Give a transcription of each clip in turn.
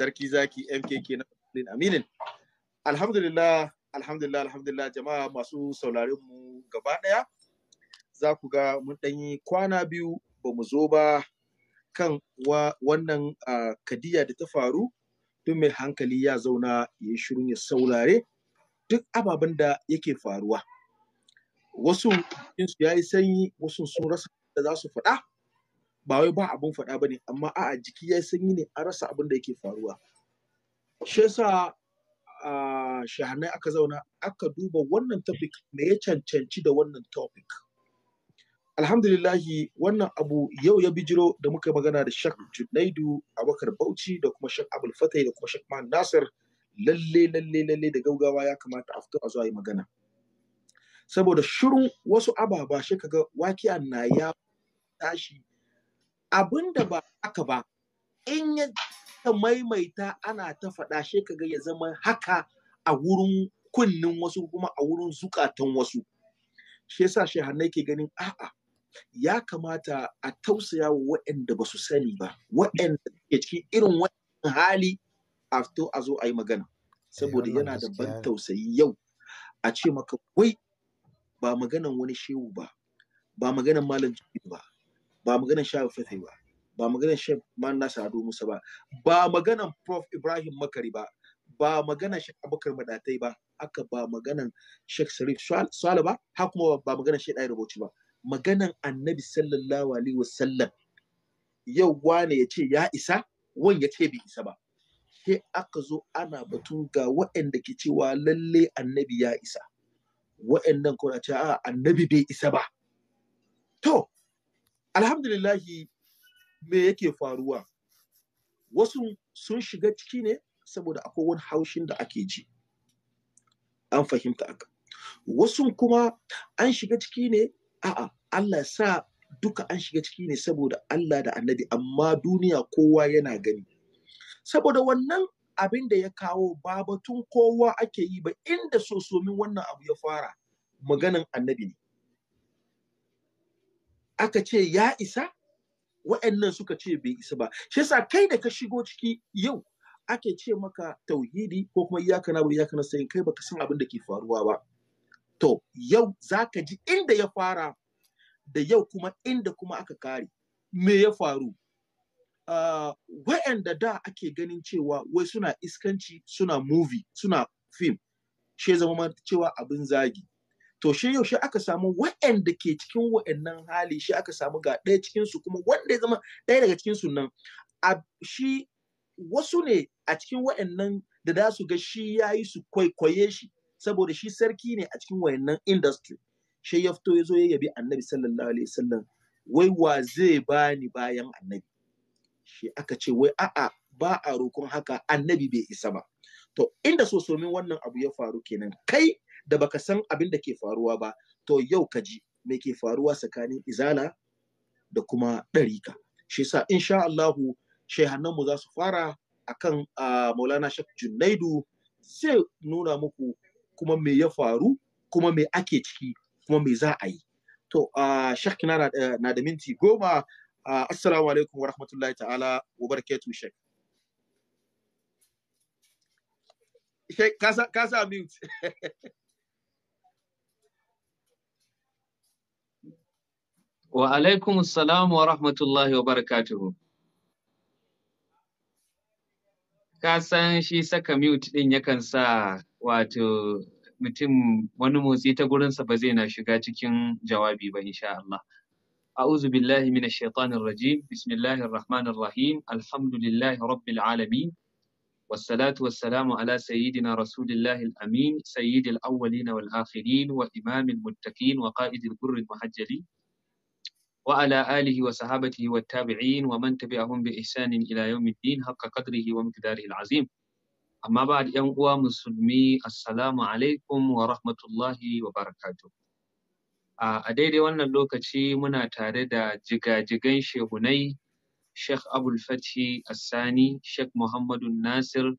sarki zaki mkk na aminin alhamdulillah alhamdulillah alhamdulillah jama'a masu sauraron mu gaba daya za ku ga mun ɗanyi kwana biyu ba mu zo ba kan wannan uh, kadiya da ta faru tun mai hankali ya zauna ya shirun ya saurare duk ababen da yake faruwa wasu su ya yi sanyi wasu sun rasa da za su faɗa ba wai ba abun faɗa ba ne amma a jiki ya sanyi ne an rasa abin da yake faruwa shi yasa a shahanai aka zauna aka duba wannan topic me ya cancanci da wannan topic alhamdulillahi wannan abu yau ya bijiro da muka magana da shak junaidu abakar bauchi da kuma shak abul fatai da kuma shak man nasir lalle lalle lalle da gaugawa ya kamata a fito a zuwa yi magana saboda shirin wasu ababa shi kaga wakiya na ya tashi abin da ba haka ba in ya maimaita ana ta faɗa shi kaga ya zama haka a wurin kunnin wasu kuma a wurin zukatan wasu shi yasa shehannai ke ganin a'a ya kamata a tausaya wa waɗanda ba su sani ba waɗanda ke cikin irin wannan hali a fito a zo a yi magana saboda eh, yana da ban tausayi yau a ce maka wai ba maganan wani shehu ba ba maganan malam ba ba maganar Shehu Fatai ba ba maganar ma Man sa Ado Musa ba ba maganar Prof Ibrahim Makari ba ba maganar shi Abubakar Madatai ba haka ba maganar Sheikh Sharif Swale ba ha kuma ba maganar shi Dairo ba maganar Annabi sallallahu alaihi wasallam yau wane ya ce ya isa wan ya ce bai isa ba sai aka zo ana batu ga waɗanda ke cewa lalle annabi ya isa waɗannan kuna ce a annabi bai isa ba to alhamdulillahi me yake faruwa wasu sun shiga ciki ne saboda akwai wani haushin da ake ji an fahimta aka wasu kuma an shiga ciki ne a'a Allah sa duka an shiga ciki ne saboda Allah da annabi amma duniya kowa yana gani saboda wannan abin da ya kawo babatun tun kowa ake yi ba inda sosomin wannan abu ya fara maganan annabi ne aka ce ya isa wa'annan suka ce bai isa ba shi yasa kai da ka shigo ciki yau ake ce maka tauhidi ko kuma iyaka na iyaka na sayin kai baka san abin da ke faruwa ba to yau zaka ji inda ya fara da yau kuma inda kuma aka kare me ya faru uh, ah, wa'anda da ake ganin cewa wai suna iskanci suna movie suna film shi zama cewa abin zagi to shi yau shi aka samu waɗanda ke cikin waɗannan hali shi aka samu ga ɗaya cikin su kuma wanda ya zama ɗaya daga cikinsu nan a shi wasu ne a cikin waannan da za su ga shi ya yi su kwaikwaye shi saboda shi sarki ne a cikin wa'annan industry shi ya fito ya zo ya yabi annabi sallallahu alaihi wasallam wai wa zai bani bayan annabi shi aka ce wai a'a ba a rokon haka annabi bai isa ba to inda sosomin wannan abu ya faru kenan kai da baka san abin da ke faruwa ba to yau ka ji me ke faruwa tsakanin izala da kuma ɗarika shi yasa insha Allahu mu za su fara akan Maulana Sheikh Junaidu Sai nuna muku kuma me ya faru kuma me ake ciki kuma me za a yi to Sheikh na eh, na da minti goma assalamu alaikum wa rahmatullahi ta'ala wa barakatuh Sheikh Sheikh kasa kasa mute wa alaikum salam wa rahmatullahi wa barakatuhu ka san shi saka mute din yakan sa wato mutum wani motsi ta gurinsa ba zai na shiga cikin jawabi ba insha Allah a'udhu billahi minash shaitanir rajim bismillahir rahmanir rahim alhamdulillahi rabbil alamin والصلاة والسلام على سيدنا رسول الله الأمين سيد الأولين والآخرين وإمام المتقين وقائد الكر المحجلين وعلى آله وصحابته والتابعين ومن تبعهم بإحسان إلى يوم الدين حق قدره ومقداره العظيم أما بعد ينقوى مسلمي السلام عليكم ورحمة الله وبركاته a daidai wannan lokaci muna tare da jiga-jigan shehunai Sheikh Abul Fathi Assani, Sheikh Muhammadu Nasir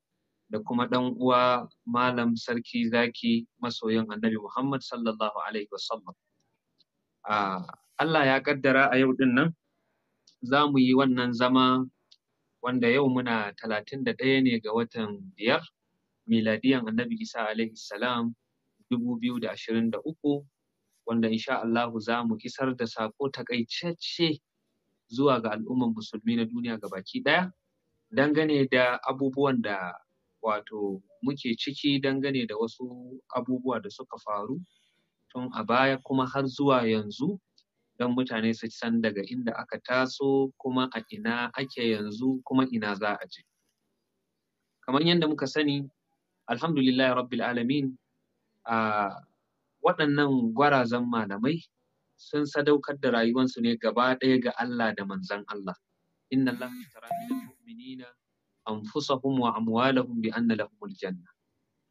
da kuma ɗan uwa Malam Sarki Zaki masoyin Annabi Muhammad sallallahu alaihi wasallam. Allah ya kaddara a yau din nan za mu yi wannan zama wanda yau muna talatin da ɗaya ne ga watan biyar miladiyan annabi isa alaihi salam dubu biyu da ashirin da uku wanda insha Allahu za mu isar da sako takaitacce zuwa ga al'umman musulmi na duniya ga baki ɗaya dangane da abubuwan da wato muke ciki dangane da wasu abubuwa da suka faru tun a baya kuma har zuwa yanzu don mutane su san daga inda aka taso kuma a ina ake yanzu kuma ina za a je. Kamar yadda muka sani, alhamdulillah rabbil alamin a waɗannan gwarazan malamai sun sadaukar da rayuwansu ne gaba ɗaya ga Allah da manzan Allah. Inna Allah tara minal mu'minina anfusahum wa amwalahum bi anna lahumul janna.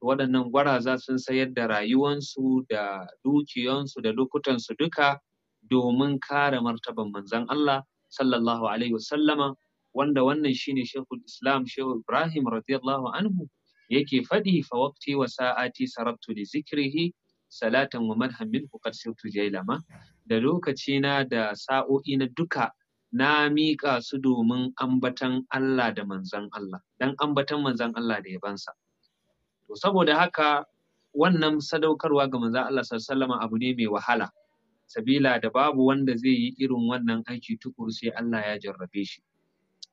Waɗannan gwaraza sun sayar da rayuwansu da dukiyansu da lokutansu duka domin kare martaban manzon Allah sallallahu alaihi wasallama wanda wannan shine Sheikhul Islam Shehu Ibrahim radiyallahu anhu yake faɗi fa waqti wa sa'ati sarabtu li zikrihi salatan wa madhan minhu qad sirtu jailama da lokaci na da sa'o'i na duka na miƙa su domin ambatan Allah da manzan Allah dan ambatan manzan Allah da yabansa to saboda haka wannan sadaukarwa ga manzan Allah sallallahu alaihi abu ne mai wahala sabila da babu wanda zai yi irin wannan aiki tukuru sai Allah ya jarrabe shi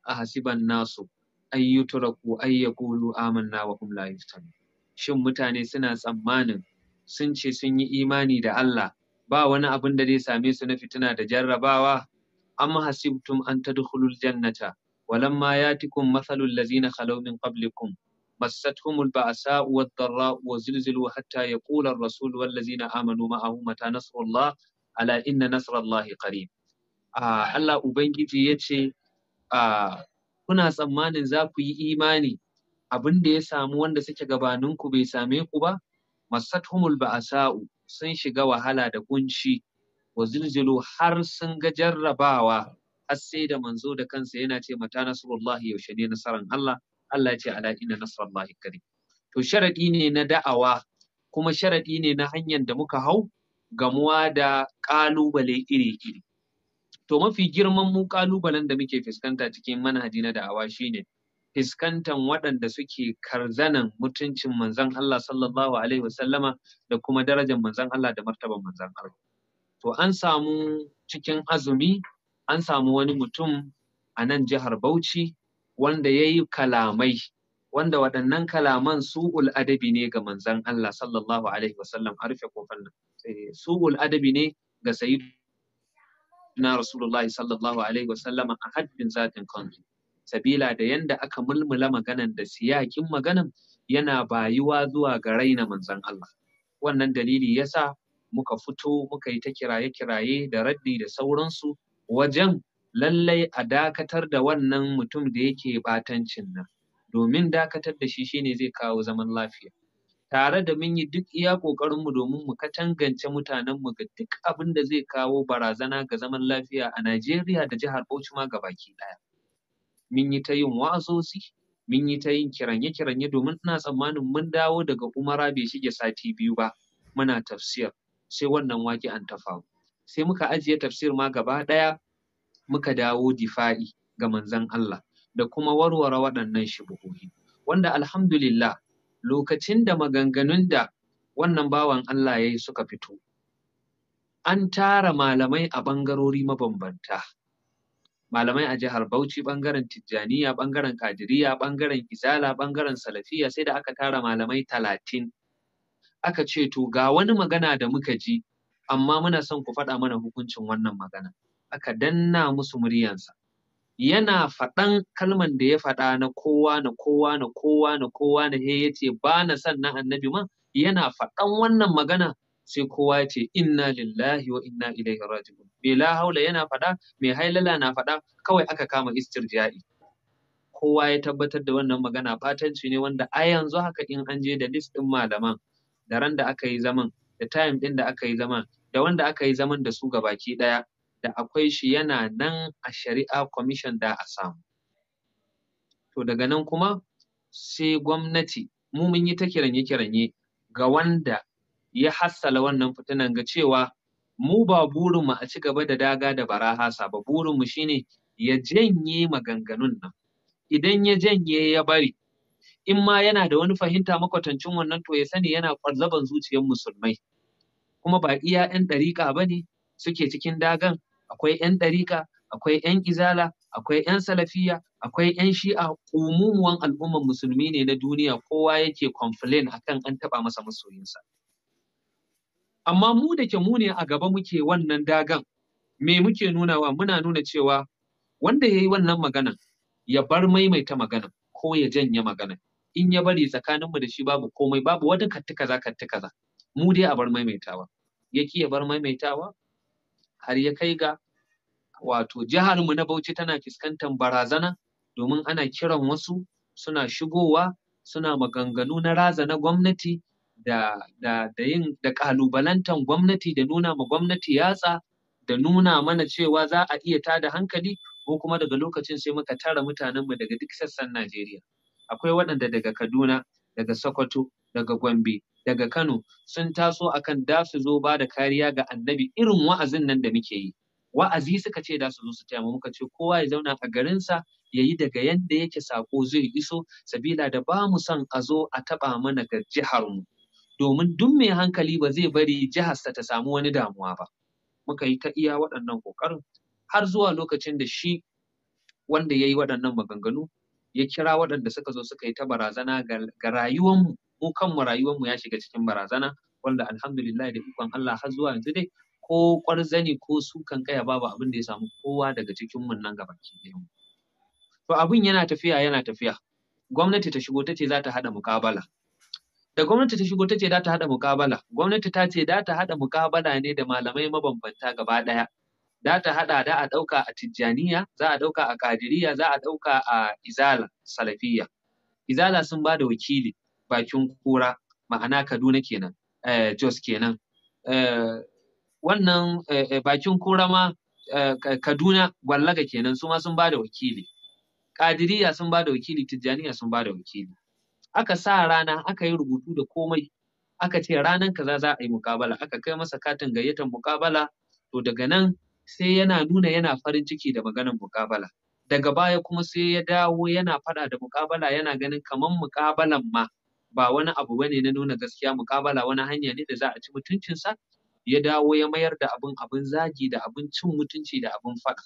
a hasiban nasu ayyutraku ayyaqulu amanna wa hum la yuftanun shin mutane suna tsammanin sun ce sun yi imani da Allah ba wani abin da zai same su na fitina da jarrabawa am hasibtum an tadkhulul jannata walamma yatikum mathalul ladzina khalaw min qablikum مستهم البأساء والضراء وزلزلوا حتى يقول الرسول والذين آمنوا معه متى نصر الله ala inna nasrallahi qarib Allah ubangiji yace kuna tsammanin za ku yi imani abin da ya samu wanda suke gabaninku bai same ku ba masathumul ba'asa'u sun shiga wahala da kunci wa zilzilu har sun ga jarrabawa har sai da manzo da kansa yana ce mata nasrullahi yaushe ne nasaran Allah Allah ya ce ala inna nasrallahi qarib to sharadi ne na da'awa kuma sharaɗi ne na hanyar da muka hau gamuwa da ƙalubale iri-iri. To mafi girman mu ƙalubalen da muke fuskanta cikin manhaji na da'awa shine fuskantan waɗanda suke karzanan mutuncin manzon Allah sallallahu alaihi wasallama da kuma darajar manzon Allah da martaban manzon Allah. To an samu cikin azumi an samu wani mutum a nan jihar Bauchi wanda ya yi kalamai wanda waɗannan kalaman su'ul adabi ne ga manzon Allah sallallahu alaihi wasallam a rufe kofar nan. Eh, suhul adabi ne ga sayyid na Rasulullahi sallallahu alaihi wasallama a haddin zatin kanzu sabila da yanda aka mulmula maganan da siyakin maganan yana bayuwa zuwa ga raina manzon Allah wannan dalili yasa muka fito muka yi ta kiraye-kiraye da raddi da sauransu wajen lallai a dakatar da wannan mutum da yake batancin nan domin dakatar da shi shine zai kawo zaman lafiya tare da mun yi duk iya ƙoƙarinmu domin mu katangance mutanenmu ga duk abin da zai kawo barazana ga zaman lafiya a Najeriya da jihar Bauchi ma baki ɗaya. Mun yi ta yin wa'azozi, mun yi ta yin kiranye-kiranye domin ina tsammanin mun dawo daga Umara bai shige sati biyu ba muna tafsir sai wannan waki an ta faru. Sai muka ajiye tafsir ma gaba ɗaya muka dawo difa'i ga manzon Allah da kuma warware waɗannan shubuhohi. Wanda alhamdulillah lokacin da maganganun da wannan bawan Allah ya yi suka fito. An tara malamai a ɓangarori mabambanta. Malamai a jihar Bauchi ɓangaren Tijjaniya, ɓangaren Kadiriya, ɓangaren Izala, ɓangaren Salafiya sai da aka tara malamai talatin. Aka ce to ga wani magana da muka ji, amma muna son ku faɗa mana hukuncin wannan magana. Aka danna musu muryansa. yana faɗan kalman da ya faɗa na kowa na kowa na kowa na kowa na he ya ce ba na son na annabi ma yana faɗan wannan magana sai kowa ya ce inna lillahi wa inna ilaihi raji'un la haula yana faɗa mai hailala na faɗa kawai aka kama istirja'i kowa ya tabbatar da wannan magana fatan ne wanda a yanzu haka in an je da list ɗin malaman da ran da aka yi zaman da time ɗin da aka yi zaman da wanda aka yi zaman da su gabaki ɗaya da akwai shi yana nan a shari'a commission da a samu. To daga nan kuma sai gwamnati mu mun yi ta kiranye-kiranye ga wanda ya hassala wannan fitinan ga cewa mu ba burinmu a ci gaba da daga da barahasa ba burinmu shine ya janye maganganun nan idan ya janye ya bari in ma yana da wani fahimta makwatancin wannan to ya sani yana kwallaban zuciyar musulmai kuma ba iya 'yan ɗariƙa ba ne suke cikin dagan akwai 'yan ɗariƙa akwai 'yan izala akwai 'yan salafiya akwai 'yan shi'a umumuwan al'umman musulmi ne na duniya kowa yake complain akan an taɓa masa masoyinsa amma mu da ke mu ne a gaba muke wannan dagan me muke nunawa muna nuna cewa wanda ya yi wannan maganan ya bar maimaita maganan ko ya janye maganan in ya bari tsakaninmu da shi babu komai babu wata kattuka za kattuka za mu dai a bar maimaitawa ya ki ya bar maimaitawa har ya kai ga wato jihar mu na Bauchi tana fuskantar barazana domin ana kiran wasu suna shigowa suna maganganu na raza na gwamnati da da yin da kalubalantan gwamnati da nuna ma gwamnati yatsa da nuna mana cewa za a iya tada hankali ko kuma daga lokacin sai muka tara mutanenmu daga duk sassan Najeriya akwai waɗanda daga Kaduna daga Sokoto daga Gombe, daga Kano sun taso akan da su zo ba da kariya ga annabi irin wa'azin nan da muke yi. Wa'azi suka ce da su zo su taya muka ce kowa ya zauna a garinsa ya yi daga yadda yake sako zai iso sabila da ba mu son a zo a taɓa mana ga jiharmu. Domin duk mai hankali ba zai bari jiharsa ta samu wani damuwa ba. Muka yi ta iya waɗannan ƙoƙarin har zuwa lokacin da shi wanda ya yi waɗannan maganganu ya kira waɗanda suka zo suka yi ta barazana ga rayuwanmu mu kanmu rayuwarmu ya shiga cikin barazana wanda alhamdulillah da ikon Allah har zuwa yanzu dai ko kwarzani ko sukan kaya babu abin da ya samu kowa daga cikin mun nan gaba. ɗaya to abin yana tafiya yana tafiya gwamnati ta shigo tace za ta hada mukabala. da gwamnati ta shigo tace za ta haɗa mukabala. gwamnati ta ce za ta haɗa mukabala ne da malamai mabambanta gaba ɗaya za ta haɗa da a ɗauka a tijjaniya za a ɗauka a Kadiriya, za a ɗauka a izala salafiyya izala sun ba da wakili bakin kura ma'ana kaduna kenan eh, jos kenan eh, wannan eh, bakin kura ma kaduna gwallaga kenan su ma sun ba da wakili kadiriya sun ba da wakili tijjaniya sun ba da wakili aka sa rana aka yi rubutu da komai aka ce ranan kaza za a yi mukabala aka kai masa katin gayyatar mukabala to daga nan sai yana nuna yana farin ciki da maganar mukabala daga baya kuma sai ya dawo yana faɗa da mukabala yana ganin kaman mukabalan ma ba wani abu bane na nuna gaskiya mukabala wani hanya ne da za a ci mutuncinsa ya dawo ya mayar da abin abin zagi da abin cin mutunci da abin faɗa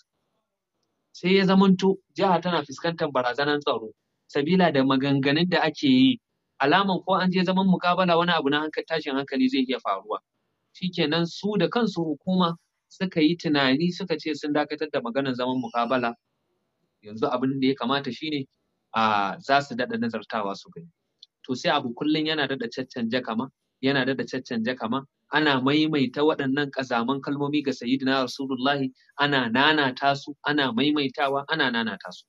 sai ya zamanto jiha tana fuskantar barazanar tsaro sabila da maganganun da ake yi alaman ko an je zaman mukabala wani abu na tashin hankali zai iya faruwa shikenan su da kansu hukuma suka yi tunani suka ce sun dakatar da maganar zaman mukabala yanzu abin da ya kamata shine a za su daɗa nazartawa su gani to sai abu kullum yana daɗa caccanje kama yana daɗa caccanje kama ana maimaita waɗannan ƙazaman kalmomi ga sayyidina rasulullahi ana nanata su ana maimaitawa ana nanata su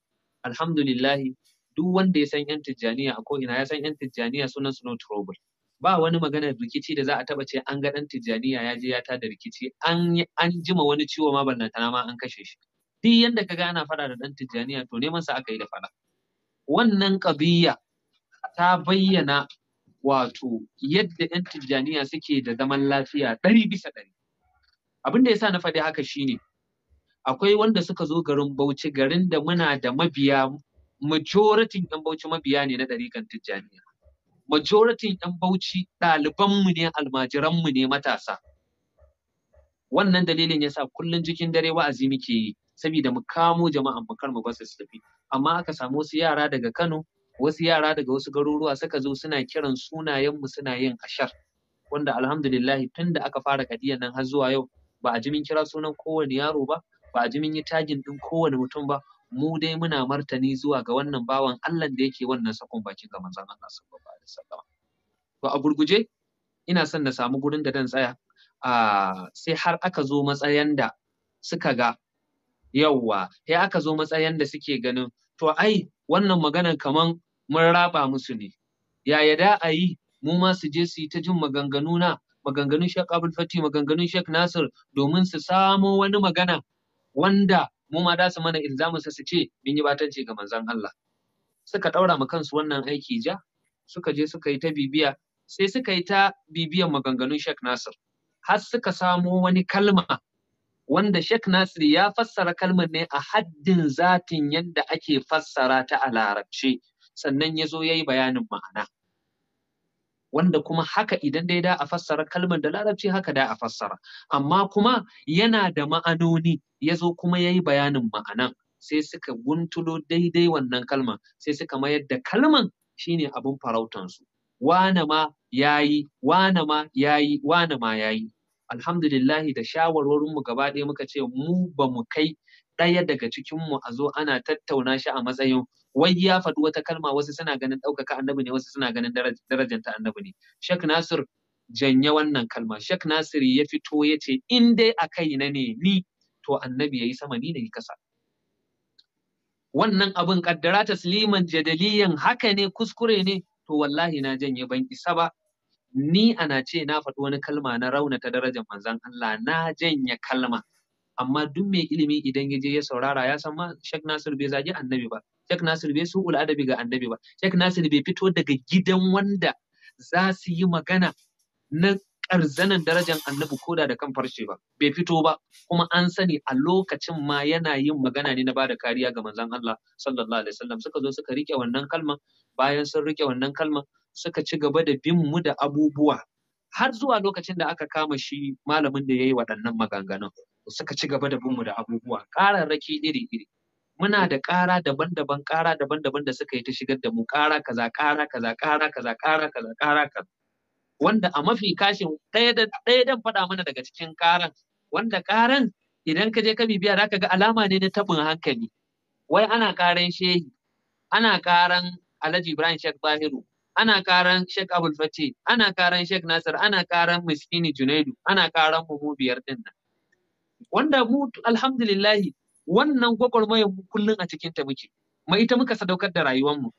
alhamdulillahi duk wanda ya san yan tijjaniya a ina ya san yan tijjaniya sunan su no trouble ba wani maganar rikici da za a taba ce an ga dan tijjaniya ya je ya ta da rikici an jima wani ciwo ma ballantana ma an kashe shi duk yanda kaga ana faɗa da dan tijjaniya to neman sa aka yi da faɗa wannan ƙabiyya ta bayyana wato yadda 'yan tijjaniya suke da zaman lafiya ɗari bisa ɗari. Abin da ya sa na faɗi haka shine akwai wanda suka zo garin Bauchi garin da muna da mabiya majoratin 'yan Bauchi mabiya ne na ɗarikan tijjaniya. Majoratin 'yan Bauchi ɗalibanmu ne almajiranmu ne matasa. Wannan dalilin ya sa kullum cikin dare wa'azi muke yi saboda mu kamo jama'an mu kar mu basu su tafi. Amma aka samu wasu yara daga Kano wasu yara daga wasu garuruwa suka zo suna kiran sunayenmu suna yin ashar wanda alhamdulillahi tun da aka fara kadiyan nan har zuwa yau ba a ji min kira sunan kowane yaro ba ba a ji min yi tagin din kowane mutum ba mu dai muna martani zuwa ga wannan bawan Allah da yake wannan sakon baki ga manzon Allah sallallahu alaihi wasallam to a gurguje ina son na samu gurin da dan tsaya a sai har aka zo matsayin da suka ga yawwa sai aka zo matsayin da suke ganin to ai wannan magana kaman mun raba musu ne ya da a yi mu ma su je su yi ta jin maganganu na maganganun Sheikh Abdul Fati maganganun Sheikh Nasir domin su samo wani magana wanda mu ma da su mana ilzamin sa su ce mun yi batanci ga manzon Allah suka daura ma kansu wannan aiki ja suka je suka yi ta bibiya sai suka yi ta bibiyan maganganun Sheikh Nasir har suka samo wani kalma wanda Sheikh Nasir ya fassara kalmar ne a haddin zatin yadda ake fassara ta a larabce sannan ya zo ya yi bayanin ma'ana. Wanda kuma haka idan dai da a fassara kalmar da larabci haka da a fassara, amma kuma yana da ma'anoni ya zo kuma ya yi bayanin ma'anan sai suka guntulo daidai wannan kalmar sai suka mayar da kalmar shine abin farautansu. Wane ma yayi, wane ma yayi, wane ma yayi, alhamdulillahi da mu gaba ɗaya muka ce mu ba mu kai ɗaya daga cikin mu a zo ana tattauna shi a matsayin wai ya faɗi wata kalma wasu suna ganin ɗaukaka annabi ne wasu suna ganin darajanta annabi ne shek nasir janye wannan kalma shek nasir ya fito ya ce in dai a kai na ne ni to annabi ya yi sama ni ne yi kasa wannan abin kaddara tasliman jadaliyan haka ne kuskure ne to wallahi na janye ban isa ba ni ana ce na faɗi wani kalma na raunata darajar manzon Allah na janya kalma amma duk mai ilimi idan ya je ya saurara ya san ma Sheikh Nasir bai zagi annabi ba Sheikh Nasir bai su'ul adabi ga annabi ba Sheikh Nasir bai fito daga gidan wanda za su yi magana na ƙarzanan darajar annabi koda da kan farshe ba bai fito ba kuma an sani a lokacin ma yana yin magana ne na bada kariya ga manzon Allah sallallahu alaihi wasallam suka zo suka rike wannan kalman bayan sun rike wannan kalman suka ci gaba da bin mu da abubuwa har zuwa lokacin da aka kama shi malamin da ya yi waɗannan maganganun suka ci gaba da bin mu da abubuwa ƙararraki iri-iri muna da ƙara daban-daban ƙara daban-daban da suka yi ta shigar da mu ƙara kaza ƙara kaza ƙara kaza ƙara kaza ƙara kaza wanda a mafi kashin ɗaya da ɗaya dan faɗa mana daga cikin ƙaran wanda ƙaran idan ka je ka bibiya za ka ga alama ne na tabin hankali wai ana ƙaran shehi ana ƙaran Alhaji Ibrahim Sheikh Zahiru ana karan Sheikh Abul Fati, ana karan Sheikh Nasir, ana karan Miskini Junaidu, ana karan mu biyar din nan. Wanda mu alhamdulillahi wannan gwagwarmayar mu kullum a cikin ta muke. Ma ita muka sadaukar da rayuwar mu.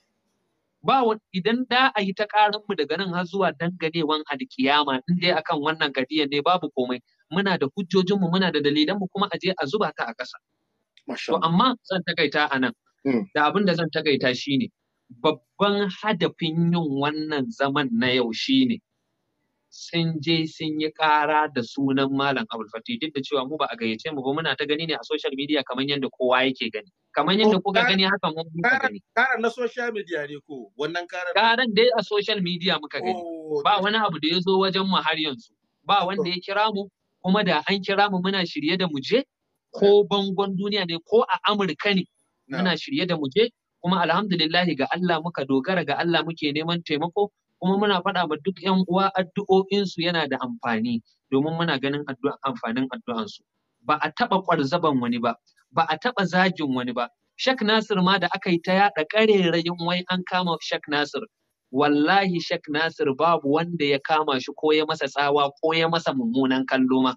Ba idan da a yi ta karan mu daga nan har zuwa danganewan alkiyama in dai akan wannan gadiyan ne babu komai. Muna da hujjojin mu muna da dalilan mu kuma a je a zuba ta a ƙasa. To amma zan takaita a nan. Hmm. Da abin da zan takaita shine. babban hadafin yin wannan zaman na yau shine sun je sun yi ƙara da sunan Malam Abulfati duk da cewa mu ba a gayyace mu ba muna ta gani ne a social media kamar yadda kowa yake gani. Kamar yadda oh, kuka gani haka mu muka gani. Karan na social media ne ko wannan karan? Karan dai a social media muka gani. Oh, ba wani abu da ya zo wajen mu har yanzu. Ba wanda ya kira mu kuma da an kira mu muna shirye da mu je ko bangon duniya ne ko a Amurka ne muna shirye da mu je kuma alhamdulillahi ga Allah muka dogara ga Allah muke neman taimako kuma muna faɗa ma duk ƴan uwa addu'o'insu yana da amfani domin muna ganin amfanin addu'ansu ba a taɓa ƙwarzaban wani ba ba a taɓa zagin wani ba Shak Nasir ma da aka yi ta yaɗa ƙarerayin wai an kama Shak Nasir wallahi Shak Nasir babu wanda ya kama shi ko ya masa tsawa ko ya masa mummunan kalloma.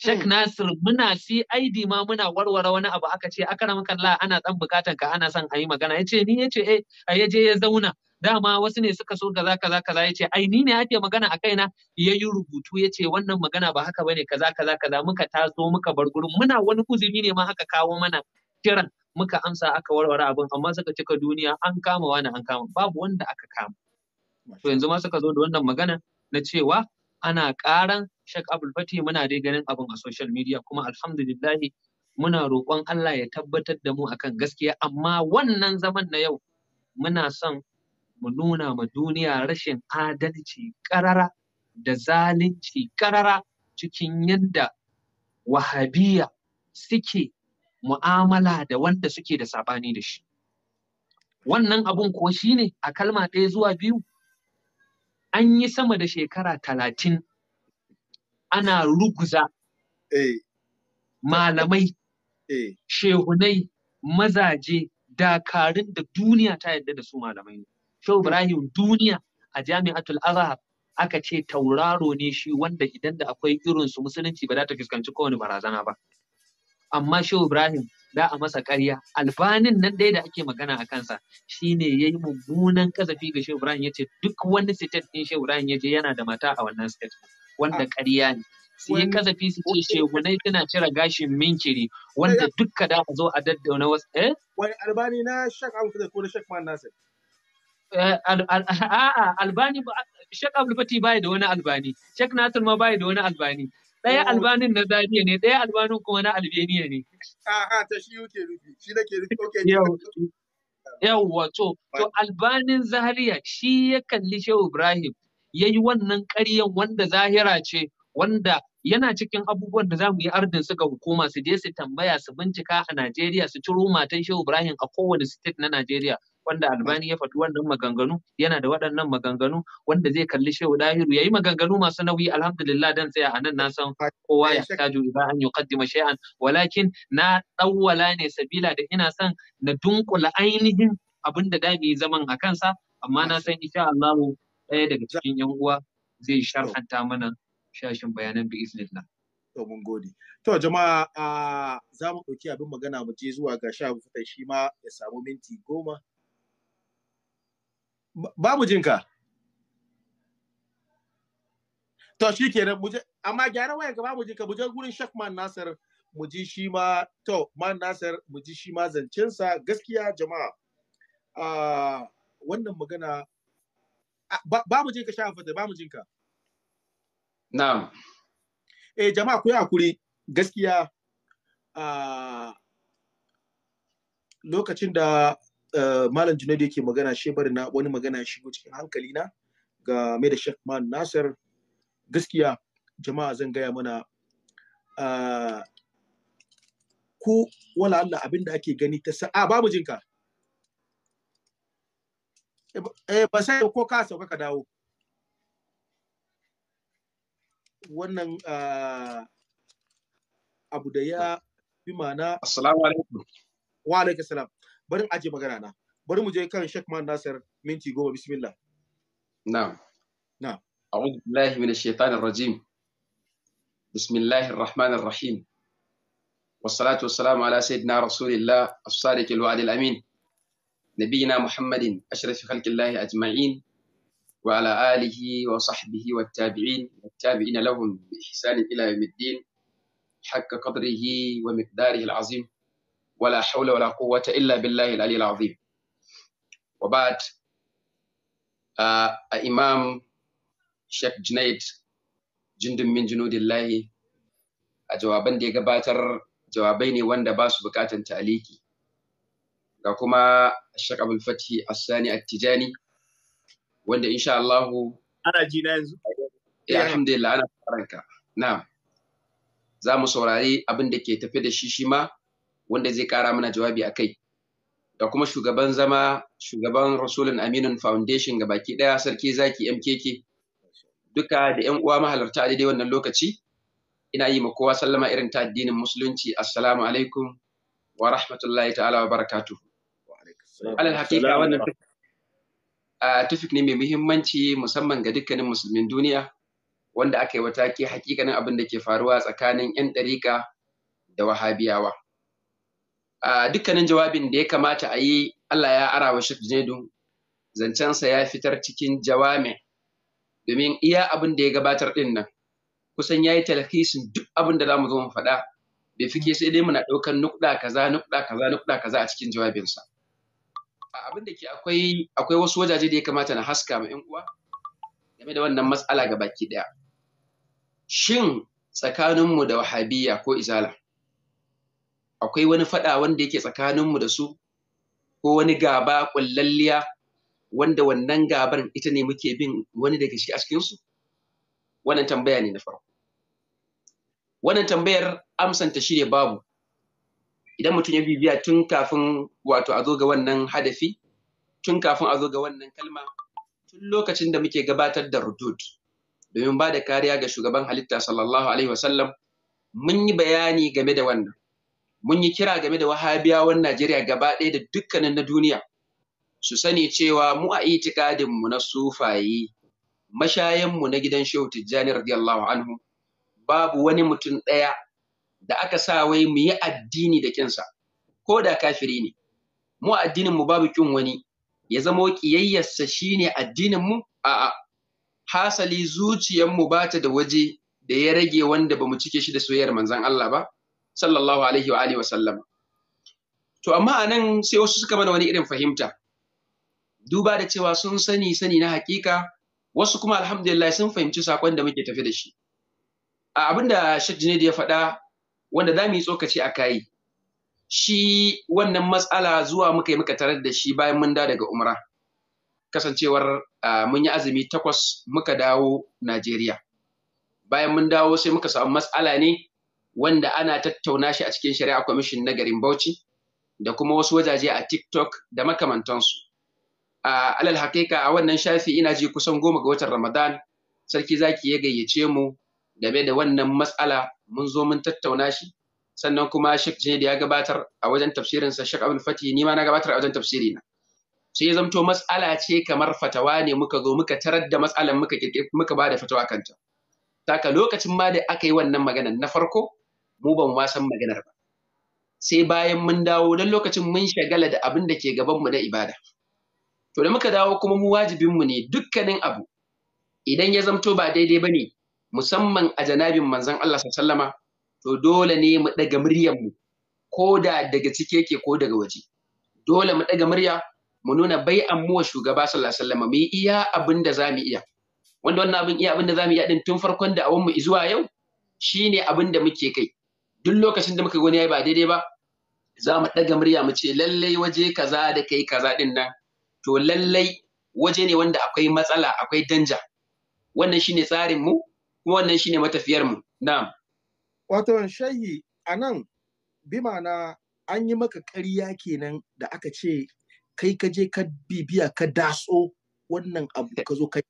Sheikh hmm. Nasir muna CID ma muna warware wani abu aka ce maka kallah ana dan bukatan ka ana son ayi magana yace ni yace eh ya je ya zauna dama wasu ne suka so kaza kaza kaza yace ai ni ne ake magana a kaina yayi rubutu yace wannan magana ba haka bane kaza kaza kaza muka taso muka bar gurin muna wani kuzumi ne ma haka kawo mana kiran muka amsa aka warware abin amma suka cika duniya an kama wani an kama babu wanda aka kama to yanzu ma suka zo da wannan magana na cewa ana karan Sheikh Abdul Fati muna dai ganin abun a social media kuma alhamdulillahi muna roƙon Allah ya tabbatar da mu akan gaskiya amma wannan zaman na yau muna son mu nuna ma duniya rashin adalci ƙarara da zalunci ƙarara cikin yadda wahabiya suke mu'amala da wanda suke da sabani da shi. Wannan abun kuwa shine a kalma ɗaya zuwa biyu an yi sama da shekara talatin ana ruguza eh. malamai, eh. shehunai, mazaje, dakarun da duniya ta yarda da su malamai ne. Shehu Ibrahim duniya a jami'atul Azhar aka ce tauraro ne shi wanda idan da akwai irinsu musulunci ba za ta fuskanci kowane barazana ba. Amma Shehu Ibrahim za a masa ƙarya albanin nan ɗaya da ake magana a kansa shine ya yi mummunan kazafi ga Shehu Ibrahim ya ce duk wani state ɗin Shehu Ibrahim ya je yana da mata a wannan sitet. wanda ah. ƙarya ne su yi fi su ce shegunai suna cire gashin minkiri wanda dukka da a zo a daddauna wasu eh wani albani na shak abu ko na shak man nasir eh, a'a albani shak abu fati bai da wani albani shak nasir ma bai da wani albani ɗaya oh. albanin na zaniya ne ɗaya albanin kuma na Albeniya ne a'a ta shi yake rufi shi ke rufi okay yawwa to to albanin zaria shi ya kalli shehu ibrahim ya yi wannan ƙaryan wanda zahira ce wanda yana cikin abubuwan da za mu yi ardin su ga hukuma su je su tambaya su bincika a Najeriya su ciro matan Shehu Ibrahim a kowane state na Najeriya wanda Albani ya faɗi wannan maganganu yana da waɗannan maganganu wanda zai kalli Shehu Dahiru yayi maganganu masu nauyi alhamdulillah dan tsaya anan na san kowa ya taju idan an yuqaddima shay'an walakin na ɗauwala ne sabila da ina son na dunkula ainihin abinda da dami zaman a kansa amma na san insha Allah ɗaya daga cikin yan uwa zai sharhanta mana shashin bayanan bi iznillah to mun gode to jama'a a za mu ɗauki abin magana mu je zuwa ga sha fitar shi ma ya samu minti goma mu jinka to shi kenan mu je amma gyara ga ka mu jinka mu je gurin man Nasir mu ji shi ma to man Nasir mu ji shi ma zancensa gaskiya jama'a wannan magana ba mu jinka sha fata ba mu jinka na'am eh jama'a ku yi hakuri gaskiya a lokacin da eh, malam Junaidu yake magana shi bari na wani magana ya shigo cikin hankali na ga mai da Sheikh Man Nasir gaskiya jama'a zan gaya mana ku wala Allah abinda ake gani ta sa'a mu jinka eh ba sai ko ka sauka ka dawo wannan ah, abu da ya fi mana assalamu alaikum wa alaikum salam bari aje magana na bari mu je kan Sheikh Man Nasir minti goma bismillah na'am na'am a'udhu billahi minash shaitanir rajim bismillahir rahmanir rahim والصلاة والسلام على سيدنا رسول الله الصادق الوعد الأمين نبينا محمد أشرف خلق الله أجمعين وعلى آله وصحبه والتابعين والتابعين لهم بإحسان إلى يوم الدين حق قدره ومقداره العظيم ولا حول ولا قوة إلا بالله العلي العظيم وبعد آه إمام شيخ جنيد جند من جنود الله a jawaban da ya gabatar jawabai ne wanda ba su bukatan taliki ga kuma Sheikh Abdul Fatih Asani sani wanda insha Allah ana ji na yanzu eh alhamdulillah ana faranka na'am za mu saurari abin da ke tafi da shi shi ma wanda zai kara mana jawabi a kai da kuma shugaban zama shugaban rasulun aminun foundation ga baki daya sarki zaki mkk duka da ƴan uwa mahalarta a wannan lokaci ina yi ma kowa sallama irin ta addinin musulunci assalamu alaikum wa rahmatullahi ta'ala wa barakatuhu alal hakika wannan tufik ne mai muhimmanci musamman ga dukkanin musulmin duniya wanda aka yi wata ke hakikanin abin da ke faruwa tsakanin 'yan ɗariƙa da wahabiyawa. Dukkanin jawabin da ya kamata a yi Allah ya ara wa Sheikh zancen zancensa ya fitar cikin jawame domin iya abin da ya gabatar ɗin nan kusan ya yi talhisin duk abin da za mu zo mu faɗa bai fike sai dai muna ɗaukar nukɗa kaza nukɗa kaza nukɗa kaza a cikin jawabinsa. abin da ke akwai akwai wasu wajaje da ya kamata na haska ma 'yan uwa game da wannan matsala ga baki ɗaya. Shin tsakaninmu da wahabiyya ko izala akwai wani faɗa wanda yake tsakaninmu da su ko wani gaba kullalliya wanda wannan gabar ita ne muke bin wani daga shi a su Wannan tambaya ne na farko. Wannan tambayar amsanta shi ne babu. idan mutum ya bibiya tun kafin wato a zo ga wannan hadafi tun kafin a zo ga wannan kalma tun lokacin da muke gabatar da rudud domin ba da kariya ga shugaban halitta sallallahu alaihi wasallam mun yi bayani game da wannan mun yi kira game da wahabiyawan Najeriya gaba ɗaya da dukkanin na duniya su sani cewa mu a itikadin mu na sufayi mashayanmu na gidan Shehu Tijjani radiyallahu anhu babu wani mutum ɗaya da aka sa wai mu yi addini da kinsa ko da kafiri ne mu addinin mu babu kin wani ya zama kiyayyarsa shine addinin mu a hasali zuciyar mu bata da waje da ya rage wanda bamu cike shi da soyayyar manzon Allah ba sallallahu alaihi wa alihi wa sallam to amma anan sai wasu suka mana wani irin fahimta duba da cewa sun sani sani na hakika wasu kuma alhamdulillah sun fahimci sakon da muke tafi da shi a abin da Sheikh Junaid ya faɗa wanda za mu yi tsokaci a kayi shi wannan matsala zuwa muka yi muka tarar da shi bayan mun da daga umra kasancewar mun yi azumi takwas muka dawo Najeriya bayan mun dawo sai muka samu matsala ne wanda ana tattauna shi a cikin shari'a kwamishin na garin Bauchi da kuma wasu wajaje a TikTok da makamantansu. alal hakika a wannan shafi ina ji kusan goma ga watan Ramadan sarki zaki ya gayyace mu game da wannan matsala mun zo mun tattauna shi sannan kuma Sheikh Jade ya gabatar a wajen tafsirin sa Sheikh Abdul Fatih ni ma na gabatar a wajen tafsiri na sai ya zamto matsala ce kamar fatawa ne muka zo muka tarar da matsalan muka muka bada fatawa kanta taka lokacin ma da aka yi wannan maganar na farko mu ban wasan maganar ba sai bayan mun dawo dan lokacin mun shagala da abin da ke gaban mu na ibada to da muka dawo kuma mu wajibin mu ne dukkanin abu idan ya zamto ba daidai bane musamman a janabin manzon Allah sallama to dole ne mu daga muryarmu ko da daga cike yake ko daga waje dole mu daga murya mu nuna bai'an mu wa shugaba sallallahu alaihi wasallam mu yi iya abin da zamu iya wanda wannan abin iya abin da zamu iya din tun farkon da awon mu zuwa yau shine abinda da muke kai duk lokacin da muka gani yayi ba daidai ba za mu daga murya mu ce lallai waje kaza da kai kaza din nan to lallai waje ne wanda akwai matsala akwai danja wannan shine tsarin mu kuma wannan shine matafiyar mu na'am wato shayi anan bima na an yi maka ƙarya kenan da aka ce kai ka je ka bibiya ka daso wannan abu ka zo kai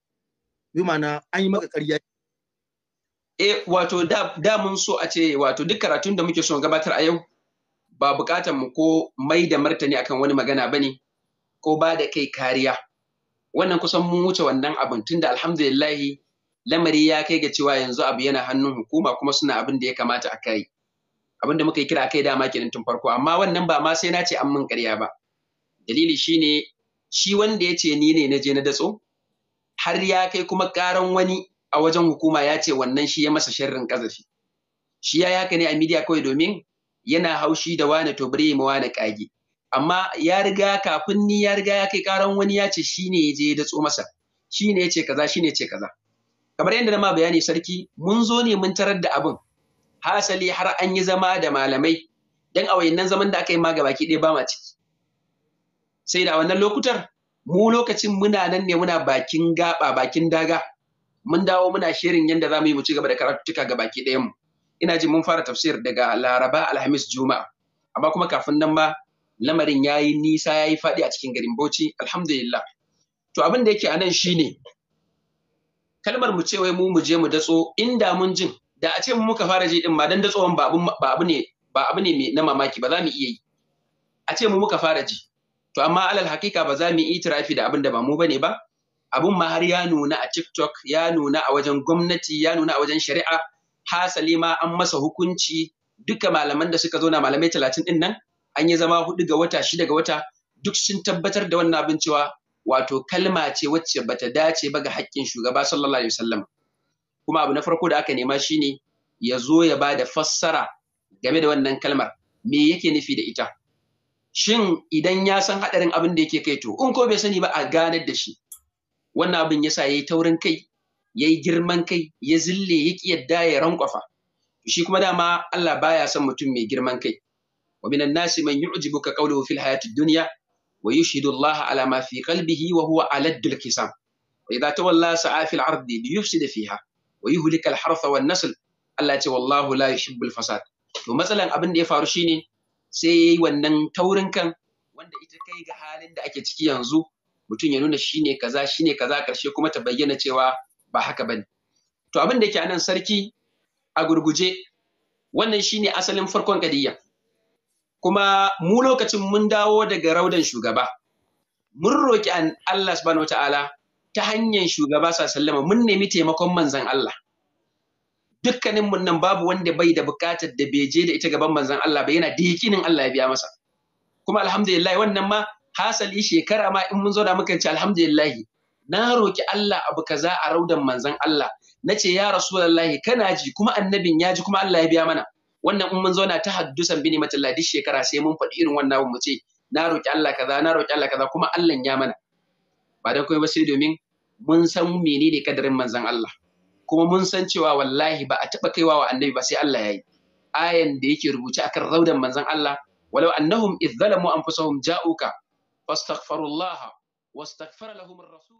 bima na an yi maka ƙarya e wato da, da mun so a ce wato duk karatun da muke son gabatar a yau ba buƙatar mu ko mai da martani akan wani magana bane ko ba da kai kariya wannan kusan mun wuce wannan abin tunda alhamdulillahi lamari ya kai ga cewa yanzu abu yana hannun hukuma kuma suna abin da ya kamata a kai abin da muka yi kira kai dama kenan tun farko amma wannan ba ma sai na ce an min ƙarya ba dalili shine shi wanda ya ce ni ne na je na datso har ya kai kuma ƙaran wani a wajen hukuma ya ce wannan shi ya masa sharrin ƙazafi shi ya yaka ne a midiya kawai domin yana haushi da wane to bari ma wane ƙage amma ya riga kafin ni ya riga ya kai ƙaran wani ya ce shi ne ya je ya datso masa shi ne ya ce kaza shi ne ya ce kaza kamar yadda na ma bayani sarki mun zo ne mun tarar da abin hasali har an yi zama da malamai dan a wayannan zaman da aka yi ma baki ɗaya ba ma ciki sai da wannan lokutar mu lokacin muna nan ne muna bakin gaba bakin daga mun dawo muna shirin yadda za mu yi mu ci gaba da karatuttuka ga baki ɗayan mu ina ji mun fara tafsir daga laraba alhamis juma'a amma kuma kafin nan ma lamarin ya yi nisa ya yi faɗi a cikin garin bauchi alhamdulillah to abin da yake a nan shine kalmar mu ce wai mu mu je mu datso inda mun jin da a ce mu muka fara ji din ma dan datsowan ba abu ne ba abu ne na mamaki ba za mu iya yi a ce mu muka fara ji to amma alal hakika ba za mu yi tirafi da abin da ba mu bane ba abun ma har ya nuna a TikTok ya nuna a wajen gwamnati ya nuna a wajen shari'a hasali ma an masa hukunci duka malaman da suka zo na malamai talatin din nan an yi zama hudu ga wata shida ga wata duk sun tabbatar da wannan abin cewa wato kalma ce wacce bata dace ba ga haƙƙin shugaba sallallahu alaihi wasallam kuma abu na farko da aka nema shine ya zo ya ba da fassara game da wannan kalmar me yake nufi da ita shin idan ya san haɗarin abin da yake kai to in ko bai sani ba a ganar da shi wannan abin yasa yayi taurin kai yayi girman kai ya zille ya ki yadda ya rankwafa shi kuma dama Allah baya son mutum mai girman kai wa minan nasi man yu'jibuka qawluhu fil hayatid dunya wa yushidu Allah ala ma fi qalbihi wa huwa aladdul kisam wa idza tawalla sa'a fil ardi li yufsida fiha wa yuhlika al harfa wan nasl Allah ce wallahu la yuhibbul fasad to matsalan abin da ya faru shine sai yayi wannan taurin kan wanda ita kai ga halin da ake ciki yanzu mutum ya nuna shine kaza shine kaza karshe kuma ta bayyana cewa ba haka bane to abin da yake anan sarki a gurguje wannan shine asalin farkon kadiyya kuma mu lokacin mun dawo daga raudan shugaba mun roki an Allah subhanahu wataala ta hanyar shugaba sallama mun nemi taimakon manzon Allah dukkanin mun nan babu wanda bai da bukatar da bai je da ita gaban manzon Allah ba yana da yakinin Allah ya biya masa kuma alhamdulillah wannan ma hasali shekara ma in mun zo da muka ce alhamdulillah na roki Allah abu kaza a raudan manzon Allah nace ya rasulullahi kana ji kuma annabin ya ji kuma Allah ya biya mana wannan in mun zauna ta haddusan bi nimatillah duk shekara sai mun faɗi irin wannan mu ce na roƙi Allah kaza na roƙi Allah kaza kuma Allah ya mana ba dan ba sai domin mun san menene kadarin manzon Allah kuma mun san cewa wallahi ba a taɓa kaiwa wa annabi ba sai Allah ya yi ayan da yake rubuce akan raudan manzon Allah walau annahum idh zalamu anfusahum ja'uka fastaghfirullah lahum ar-rasul